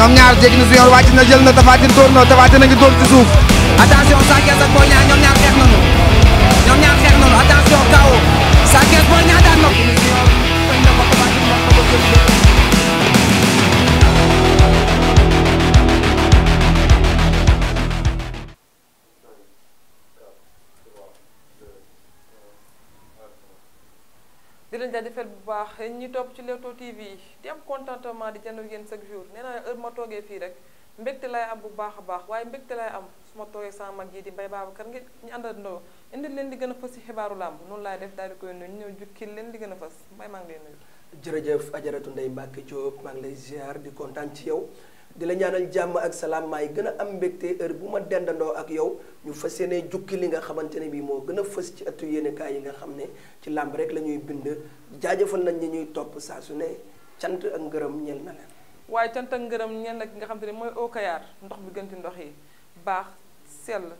ñoom ñaar jéggi na su yoon wàcc na jël na Tapha Tine dóor na Tapha Tine a ngi dóor ci suuf attention Sa Thiès ak Boy Niang ñoom ñaar xeex nañu baax ñi topp ci Leewtoo TV di am contentement di jënd yéen chaque jour nee naa heure ma toogee fii rek mbégte lay am bu baax a baax waaye mbégte lay am su ma toogee sama mag yi di Mbaye Babacar ngeen ñu àndandoo indi leen di gën a fës ci xibaaru làmb noonu laay def daal di koy nuyu ñëw jukki leen di gën a fës Mbaye maa ngi lay nuyu. jërëjëf ajaratu nday Mbacke Diop maa lay ziar di kontaan ci yow. di la ñaanal jàmm ak salaam maay gën a am mbégte heure bu ma dendandoo ak yow ñu fas yéene jukki li nga xamante ne bii moo gën a fës ci ëttu yéenekaay yi nga xam ne ci làmb rek la ñuy bind jaajëfal nañ ñi ñuy topp saa su ne cant ak ngërëm ñel na waaye cant ak ngërëm ñel na ki nga xam te ne mooy Eau Kayar ndox bi gën ci ndox yi baax sell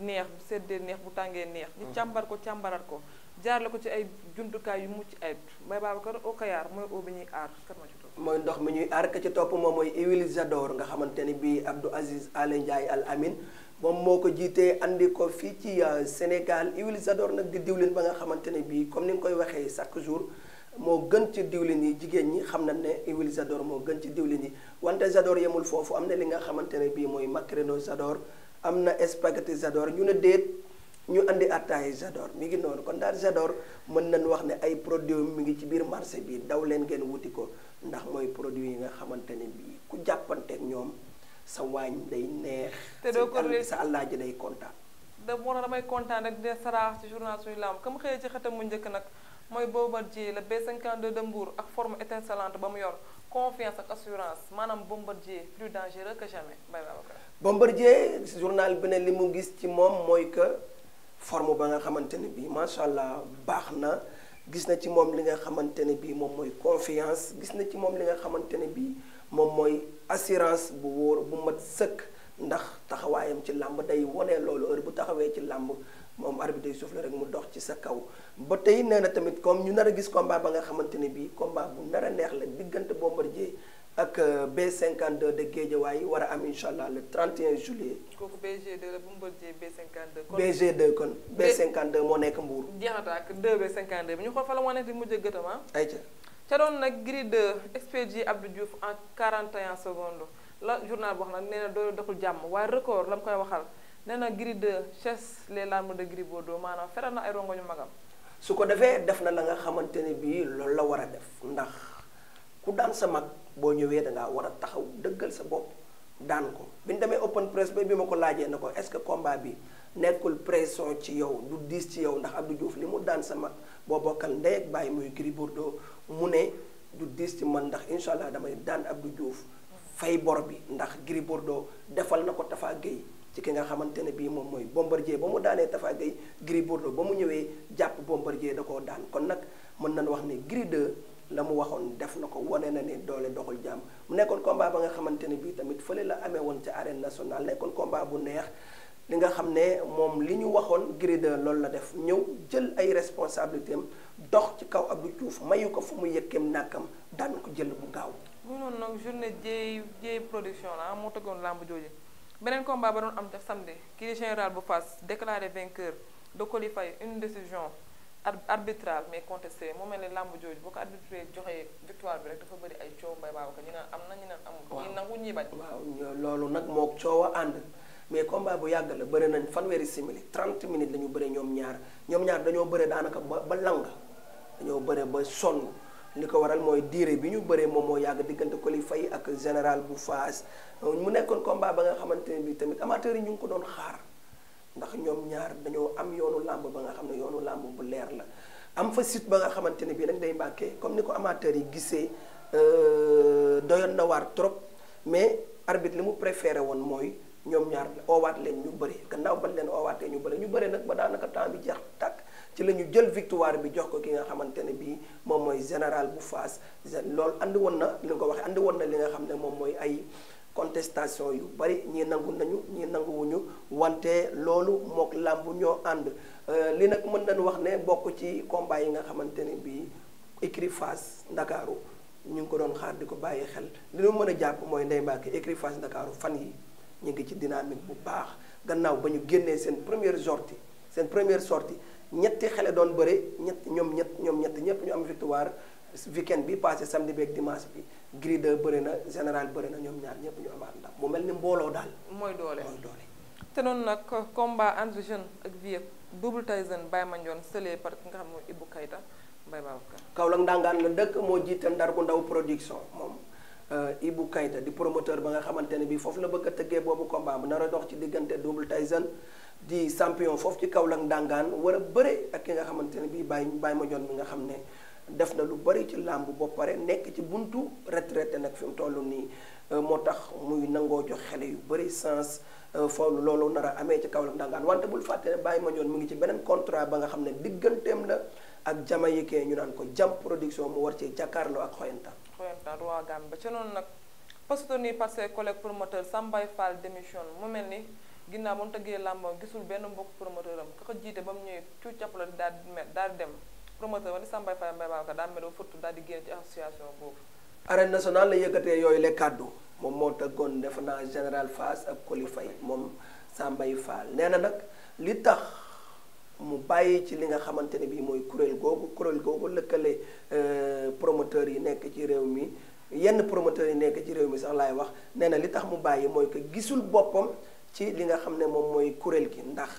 neex sedd neex bu tàngee neex. ñu mm. càmbar ko càmbaraat ko. jaar la ko ci ay jumtukaay yu mucc ayib Mbaye Babacar au Kayar mooy eau ñuy aar ma ci topp. mooy ndox mi ñuy aar ka ci topp moom mooy huile Jador nga xamante ni bii Abdou Aziz Alé Ndiaye Al Amin moom moo ko jiitee andi ko fii ci euh, Sénégal huile Jador nag di diwlin ba nga xamante ne bii comme ni nga koy waxee chaque jour. moo gën ci diwlin yi jigéen ñi xam na ne huile Jador moo gën ci diwlin yi wante Jador yemul foofu am na li nga xamante ne bii mooy macaroni Jador am na spaghetti Jador ñu ne déet ñu indi attaay Zador mi ngi noonu kon daal Zador mën nañ wax ne ay produit mi ngi ci biir marché bi daw leen ngeen wuti ko ndax mooy produit yi nga xamante ne bii ku jàppanteeg ñoom sa waañ day neex. te doo ko sa àllaaji day kontaan. da moo damay kontaan rek de saraax ci journal suñu lamb comme xëyee ci xëtam mu njëkk nag mooy Bombardier la B52 de Mbour ak forme étincelante ba mu yor confiance ak assurance maanaam Bombardier plus dangereux que jamais Mbaye Babacar. Bombardier journal bi ne li mu gis ci moom mooy que. forme ba nga xamante ne bii macha allah baax na gis na ci moom li nga xamante ne bii moom mooy confiance gis na ci moom li nga xamante ne bii moom mooy assurance bu wóor bu mat sëkk ndax taxawaayam ci làmb day wone loolu heure bu taxawee ci làmb moom arbitre day souffle rek mu dox ci sa kaw ba tey nee na tamit comme ñu nara gis combat ba nga xamante ne bii combat bu nar neex la diggante Bombardier ak euh, B52 de Guédiawaye war a am incha allah le 31 juillet. kooku BG2 la bu mu bëggee B52. kon BG2 kon B52 moo nekk Mbour. jeex na ak 2 B52 bi ñu xool fa la moo nekk di mujj gëtam ah. ayca ca doon nag grille de expédié Abdou Diouf en 41 secondes la journal wax nag nee doo doole doxul jàmm waaye record la mu koy waxal nee na grille de chasse les larmes de Gris Bordeaux maanaam feral na ay rongoñu magam. su ko defee def na la nga xamante ne bii loolu la war a def ndax ku daan sa mag. boo ñëwee da ngaa war a taxaw dëggal sa bopp daan ko bi ñu demee open press ba bi ma ko laajee na ko est-ce que combat bi nekkul pression ci yow du diis ci yow ndax ak Abdou juuf li mu daan sama boo bokkal ndey ak bàyyi muy Gris Bordeaux mu ne du diis ci man ndax incha allah damay daan ak du Diouf fay bor bi ndax Gris Bordeaux defal na ko Tafa Gueye ci ki nga xamante ne bii moom mooy Bombardier ba mu daanee Tafa Gueye Gris Bordeaux ba mu ñëwee jàpp Bombardier da koo daan kon nag mën nañu wax ne Gris 2 la mu waxoon def na ko wane na ne doole doxul jàmm mu nekkoon combat ba nga xamante ne bii tamit fële la amee woon ca arène nationale nekkoon combat bu neex li nga xam ne moom li ñu waxoon Gris 2 loolu la def ñëw jël ay responsabilités am dox ci kaw Abdou Diouf mayu ko fu mu yëkkeem nàkkam daan ko jël bu gaaw. mu noonu nag journée jéey jéey production la moo tegoon làmb jooju beneen combat ba doon am def samedi kii di général bu Fass déclaré vainqueur de Coly Faye une décision. arbitral mais contesté mu mel ne làmb jooju boo ko arbitré joxee victoire bi rek dafa bëri ay coow mbay baaw ko ñu naan am na ñu naan amul. ñi nangu ñi bañ. waaw loolu nag moo coow ànd mais combat bu yàgg la bëri nañ fanweeri simili 30 minutes la ñu bëre ñoom ñaar ñoom ñaar dañoo bëre daanaka ba ba lang dañoo bëre ba sonn. li ko waral mooy diire bi ñu bëree moom moo yàgg diggante li Faye ak général bu Faas mu nekkoon combat ba nga xamante ne bii tamit amateurs yi ñu ngi ko doon xaar ndax ñoom ñaar dañoo am yoonu làmb ba nga xam ne yoonu làmb bu leer la am fa site ba nga xamante ne bii nañ day mbàkkee comme ni ko amateurs yi gisee euh, doyoon na waar trop mais arbit li mu préféré woon mooy ñoom ñaar oowaat leen ñu bëri gannaaw ba leen oowaatee ñu bëri ñu bëri nag ba daanaka temps bi jeex tàkk ci la ñu jël victoire bi jox ko ki nga xamante ne bii moom mooy général bu Fass loolu andi woon na li ko waxee andi woon na li nga xam ne moom mooy ay. contestation yu bari ñii nangu nañu ñii nanguwuñu wante loolu mook làmb ñoo ànd euh, li nag mën nañu wax ne bokk ci combat yi nga xamante ni bii écurie Ndakaaru ñu ngi ko doon xaar di ko bàyyi xel li ñu mën a jàpp mooy Ndeye Mbacke écurie Fass Ndakaaru fan yi ñu ngi ci dynamique bu baax gannaaw ba ñu génnee seen première sortie seen première sortie ñetti xale doon bëre ñett ñoom ñett ñoom ñett ñëpp ñu am victoire weekend bi passé samedi beeg dimanche bi Gris 2 bëri na général bëri na ñoom ñaar ñëpp ñu amaat ndam mu mel ni mbooloo daal. mooy doole mooy te noonu nag combat entre jeune ak vieux Double Tyson Baye Mandione sëlee parce que nga xam ne Ibou Kayta Mbaye Babacar. Kaolack ndangaan la dëkk moo jiite ndar bu ndaw production moom euh, Ibou Kayta di promoteur ba nga xamante ne bii foofu la bëgg a tëggee boobu combat bu nar a ci diggante Double Tyson di champion foofu ci Kaolack ndangaan war a bëre ak ki nga xamante ne bii Baye Baye Mandione mi nga xam ne. def na lu bari ci làmb ba pare nekk ci buntu retraité nag fi mu toll nii euh, moo tax muy nangoo jox xale yu bari sens euh, foofu loolu nara a amee ci Kaolack ndangaan wante bul fàtte bàyyi ma Mandione mu ngi ci beneen contrat ba nga xam ne digganteem la ak jama jamaïcain ñu naan ko jam production mu war cee jàkkaarloo ak xoyantaan. xoyantaan waa Gambie ci noonu nag postoni par ses collègues promoteurs Sambay Fall démission mu mel ni ginnaaw ba mu tëggee làmb gisul benn mbok promoteur am ka jiite ba mu ñëwee cuucap la daal di dem. promoteur wala Samba Faye Mbaye Babacar daan mel fottu daal di génn ci association nationale la yëkkatee yooyu la kàddu moom moo tëggoon defe naa général Fass ak Koli Faye moom Sambay Fall nee na nag li tax mu bàyyi ci li nga xamante ne bii mooy kuréel googu kuréel googu lëkkale euh, promoteurs yi nekk ci réew mi yenn promoteurs yi nekk ci réew mi sax laay wax nee na li tax mu bàyyi mooy que gisul boppam ci li nga xam ne moom mooy kuréel gi ndax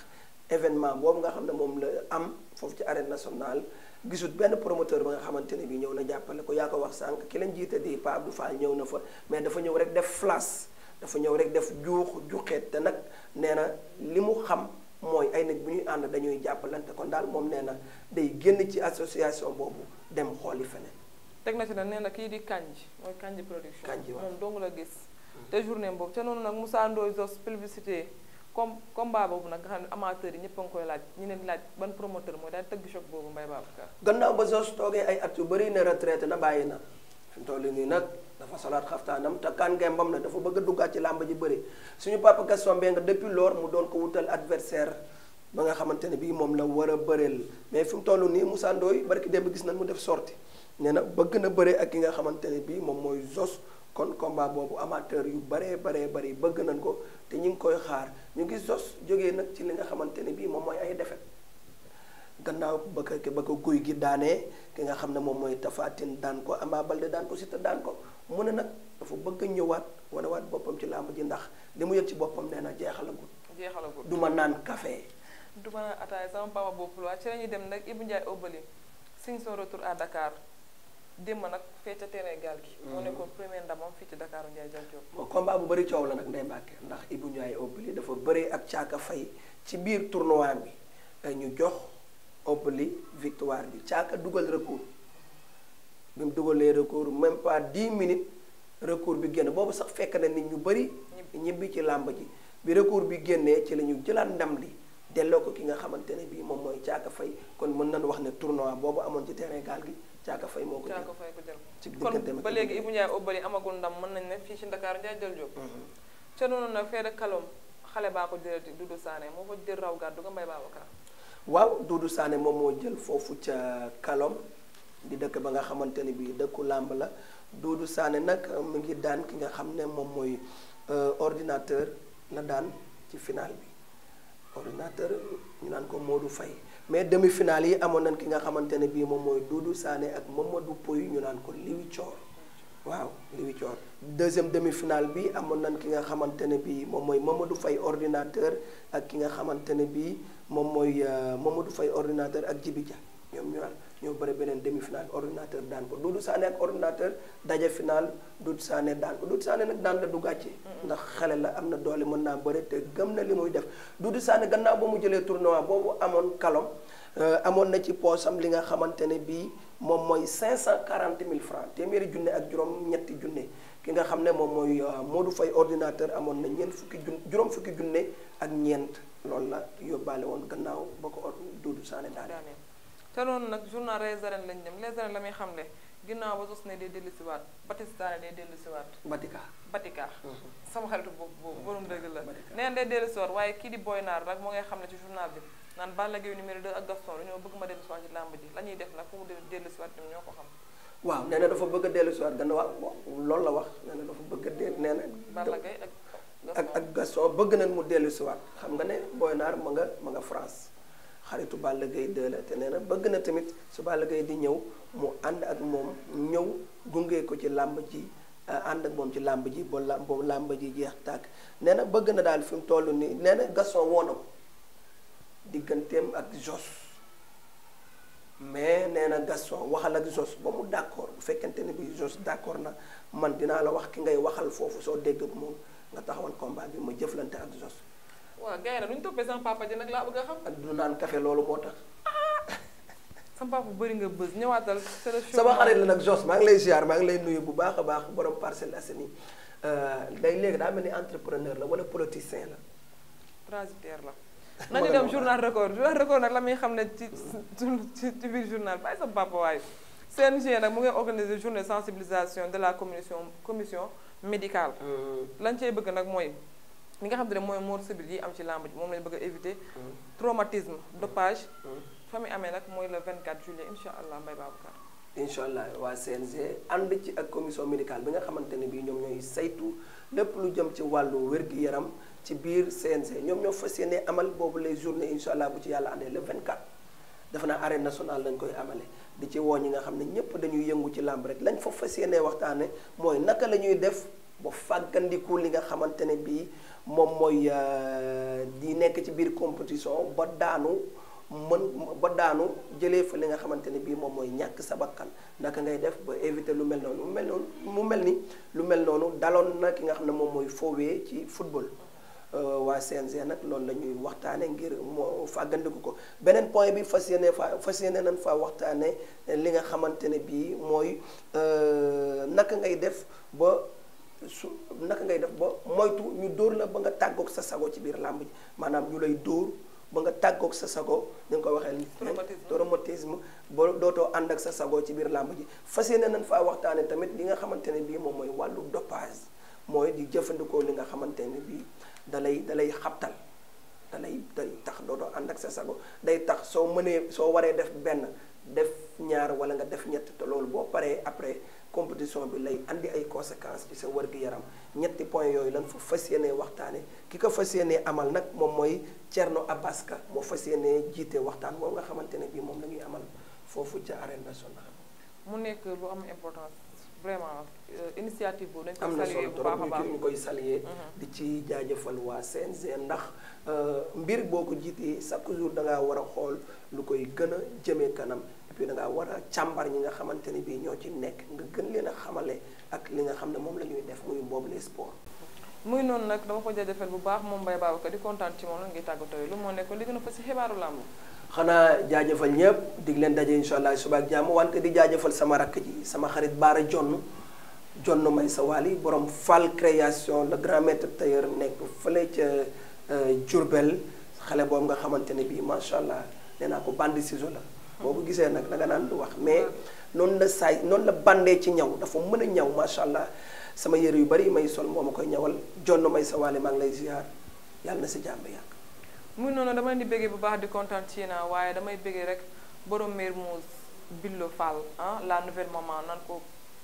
événement boobu nga xam ne moom la am foofu ci arène national gisut benn promoteur ba nga xamante ne bi ñëw na jàppale ko yaa ko wax sànq ki leen jiite di Pa Abdou Fall ñëw na fa mais dafa ñëw rek def flash dafa ñëw rek def juux juxeet te nag nee na li mu xam mooy ay nit bu ñuy ànd dañuy jàppalante kon daal moom nee na day génn ci association boobu dem xooli feneen. teg na ci nag nee na kii di Kandji mooy Kandji production. Kandji waaw moom dong la gis. te jour journée boobu te noonu nag Moussa Ndoye Zos publicité. comme combat boobu nag nga xam ne amateur yi ñëpp a ngi koy laaj ñu laaj ban promoteur mooy daal tëgg choc boobu Mbaye Babacar. gannaaw ba Zoss toogee ay at yu bëri ne retraité na bàyyi na fi mu nii nag dafa solaat xaftaanam te kan ngembam na dafa bëgg a ci làmb ji bëri suñu papa Gaston Mbengue depuis lors mu doon ko wutal adversaire ba nga xamante ne bii moom la war a bëreel mais fi mu toll nii Moussa Ndoye barki démb gis nañ mu def sorti nee na bëgg na bëre ak ki nga xamante ne bii moom mooy Zoss. kon combat boobu amateur yu baree baree bari bëgg nañ ko te ñu ngi koy xaar ñu gis sos jógee nag ci li nga xamante ne bii moom mooy ay defet gannaaw ba ko ba ko guy gi daanee ki nga xam ne moom mooy Tapha Tine daan ko Ama Baldé daan ko te daan ko mu ne nag dafa bëgg ñëwaat wanewaat boppam ci làmb ji ndax li mu yëg ci boppam nee na jeexalagul. jeexalagul du ma naan café. du ma naan ataaya sama papa boobu la ci la ñuy dem nag Ibou Ndiaye Obali signe son retour à Dakar. démb nag fee ca terrain gaal gi. Mm. moo ne nekkoon premier ndamam fii ci Dakar Ndiaye Diagne Diop. combat bu bëri coow la nag Ndeye Mbacke ndax Ibou Ndiaye Obli dafa bëri ak Caaka Fay ci biir tournoi bi eh, ñu jox Obli victoire bi Caaka dugal recours bi mu dugalee recours même pas 10 minutes recours bi génn boobu sax fekk na nit ñu bari ñibbi ci làmb ji bi recours bi génnee ci la ñu jëlaat ndam li. delloo ko ki nga xamante ne bii moom mooy Caaka Fay kon mën nañu wax ne tournoi boobu amoon ci terrain gi. Thiaka Faye moo ko jël Thiaka Faye ko jël ci diggante kon ba léegi Ibou Ndiaye Obali amagul ndam mën nañ ne fii ci Dakar Ndiaye jël jóg ca noonu nag fee kalom xale baa ko jëlati Doudou Sané moo ko jël raw gàddu nga Mbaye waaw Doudou Sané moom moo jël foofu ca kalom di dëkk ba nga xamante ni bii dëkku làmb la Doudou Sané nag euh, mu ngi daan ki nga xam ne moom mooy euh, ordinateur la daan ci final bi ordinateur ñu naan ko moo du fay mais demi-finale yi amoon nañ ki nga xamante ne bii moom mooy Doudou Sané ak moom Mamadou Pouy ñu naan ko Liwi Thior waaw Liwi Thior deuxième demi-finale bii amoon nañ ki nga xamante ne bii moom mooy du fay ordinateur ak ki nga xamante ne bii moom mooy Mamadou Faye ordinateur ak euh, Djibi Dia ñoom ñu naan bëre beneen demi finale ordinateur daan ko Doudou Sané ak ordinateur daje final Doudou Sané daan ko Doudou Sané nag daan la du gàcce ndax xale la am na doole mën naa bëre te gëm na li muy def Doudou Sané gannaaw ba mu jëlee tournoi boobu amoon kalom euh, amoon na ci poosam li nga xamante ne bii moom mooy cent quarante mille francs téeméeri junne ak juróom ñetti junne ki nga xam ne moom mooy moo euh, Modou fay ordinateur amoon na ñeent fukki jun juróom fukki junne ak ñeent loolu la yóbbaale woon gannaaw ba ko Doudou Sané te noonu nag journal les arènes lañ dem les arènes la muy xamle ginnaaw ba sos ne day dellusiwaat Batista ne day dellusiwaat. Batika Batika. Mhm. sama xaritu boobu boobu borom dëgg la. neen day dellusiwaat waaye kii di Boy Naar nag mu ngay xam ne ci journal bi naan Balla Gaye numéro 2 ak ma dellusiwaat ci làmb la ñuy def nag fu mu dellusiwaat ñoom ñoo ko xam. waaw nee na dafa bëgg a dellusiwaat gannaaw loolu la wax na dafa bëgg nee na. Balla Gaye ak ak ak Gaston bëgg nañ mu dellusiwaat xam nga ne Boy Naar ma nga ma nga France. xaritu Balla Gaye 2 te nee na bëgg na tamit su Balla Gaye di ñëw mu ànd ak moom ñëw gunge ko ci làmb ji euh, ànd ak moom ci làmb ji ba làmb làmb ji jeex tàkk nee na bëgg na daal fi mu toll nii nee na Gaston woo digganteem ak Jos mais nee na Gaston waxal ak Jos ba mu d'accord bu fekkente ni bi Jos d'accord na man dinaa la wax ki ngay waxal foofu soo dégg moom nga taxawal combat bi ma jëflante ak Jos waaw gars yi nag nu ñu toppee sama papa ji nag laa bëgg a xam. ak du naan café loolu moo tax. sama papa bëri nga bës ñëwaatal. sama xarit la nag Jos maa ngi lay ziar maa ngi lay nuyu bu baax a baax borom Parcelles Assainies euh, day léegi daa mel ni entrepreneur la wala politicien la. transitaire la. nañu dem journal record journal record nag la muy xam ne ci ci ci biir journal bàyyi sama papa waaye. CNG nag mu ngi organiser journée sensibilisation de la commission commission médicale. Hmm. lañ cey bëgg nag mooy. li nga xam te ne mooy mort subite yi am ci làmb ji moom lañ bëgg a éviter. Mm. traumatisme dopage. Mm. fa mu amee nag mooy le 24 juillet incha allah Mbaye Babacar. incha allah waa CNG ànd ci ak commission médicale bi nga xamante ne bii ñoom ñooy saytu lépp lu jëm ci wàllu wér-gu-yaram ci biir CNG ñoom ñoo fas yéene amal boobu les journées incha allah bu ci yàlla àndee le 24. dafa naa arène national lañ koy amale di ci woo ñi nga xam ne ñëpp dañuy yëngu ci làmb rek lañ fa fas yéene waxtaane mooy naka la ñuy def. ba fàggandiku li nga xamante ne bii moom mooy euh, di nekk ci biir compétition ba daanu mën ba daanu jëlee fa li nga xamante ne bii moom mooy ñàkk sa bakkan naka ngay def ba éviter lu mel noonu mu mel noonu mu mel ni lu mel noonu daloon nag ki nga xam ne moom mooy foowee ci football. Euh, waa CNG nag loolu la ñuy waxtaanee ngir moo fàggandiku ko beneen point bi fas yéene fa fas yéene nañ fa waxtaane li nga xamante ne bii mooy euh, naka ngay def ba. su naka ngay def ba moytu ñu dóor la ba nga tàggoog sa sago ci biir làmb ji maanaam ñu lay dóor ba nga tàggoog sa sago ni nga ko waxee traumatisme boo dootoo ànd ak sa sago ci biir làmb ji fas yéene nañ faa waxtaane tamit li nga xamante ne bii moom mooy wàllu dopage mooy di jëfandikoo li nga xamante ne bii dalay dalay da lay xabtal da day tax dootoo ànd ak sa sago day tax soo mënee soo waree def benn def ñaar wala nga def ñett te loolu boo paree après compétition bi lay andi ay conséquence ci sa wér-gu-yaram ñetti point yooyu lan fa fas yéenee waxtaane ki ko fas yéenee amal nag moom mooy Thierno Abbas Ka moo fas yéenee jiite waxtaan moom nga xamante ne bii moom la ñuy amal foofu ca arène nationale. mu nekk lu am importance vraiment euh, initiative boobu dañ am na solo trop ñu ci ñu koy saluer mm-hmm. di ci jaajëfal waa seen ndax euh, mbir boo ko jiitee chaque jour da ngaa war a xool lu koy gën a jëmee kanam. puis da ngaa war a càmbar ñi nga xamante ne bii ñoo ci nekk nga gën leen a xamale ak li nga xam ne moom la ñuy def muy boobu les sport muy noonu nag dama ko jaajëfal bu baax moom Mbaye Babacar di kontaan ci moom la ngi tàggatoo lu moo nekkoon li gën a fa si xibaaru làmb xanaa jaajëfal ñëpp di leen daje incha allah suba ak jàmm wante di jaajëfal sama rakk ji sama xarit baar Baara Jonn Jonn may sa waali borom Fall création le grand maître tailleur nekk fële ca euh, Diourbel xale boobu nga xamante ne bii macha allah nee naa ko bande ciseau la boo ko gisee nag da nga naan du wax mais noonu la saay noonu la bandee ci ñaw dafa mën a ñaw macha allah sama yére yu bari may sol moo ma koy ñawal jonn may sa waale lay ziar yàlla na sa jàmm yàgg. muy noonu dama di bëggee bu baax di kontaan ci ah, waaye damay bëggee rek borom Mermoz Billo Fall ah la nouvelle maman nan ko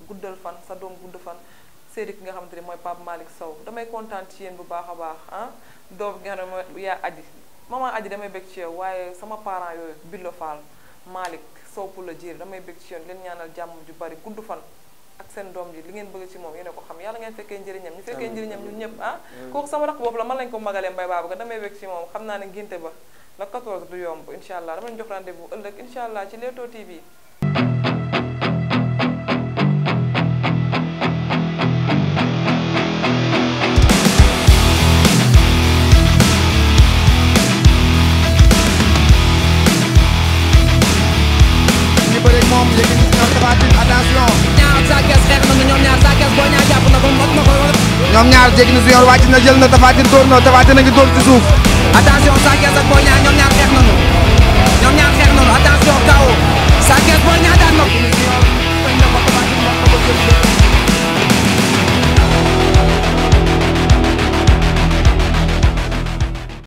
guddal fan sa doom gudd fan. séeri ki nga xamante ne mooy Pape Malick saw damay kontaan ci yéen bu baax a baax ah doom bi nga xam ne mooy yaa aji maman aji damay bég ci yow waaye sama parents yooyu Billo Fall Malick Sow Poula Diir damay bég ci yoon leen ñaanal jàmm ju bari gudd fan ak seen doom ji li ngeen bëgg ci moom yéen a ko xam yàlla ngeen fekkee njëriñam ñu fekkee njëriñam ñun ñëpp ah kooku sama rakk boobu la man lañ ko magalee mbay baaba ga damay bég ci moom xam naa ne ngénte ba la 14 du yomb incha allah dama leen jox rendez-vous ëllëg incha allah ci Leewtoo TV bëreeg moom léegi ñu ñoom Tapha Tine attention. ñaar Sa Thiès xeex nañu ñoom na ko mot na ko wala. ngi dóor ci suuf. attention Sa Thiès ñaar daan na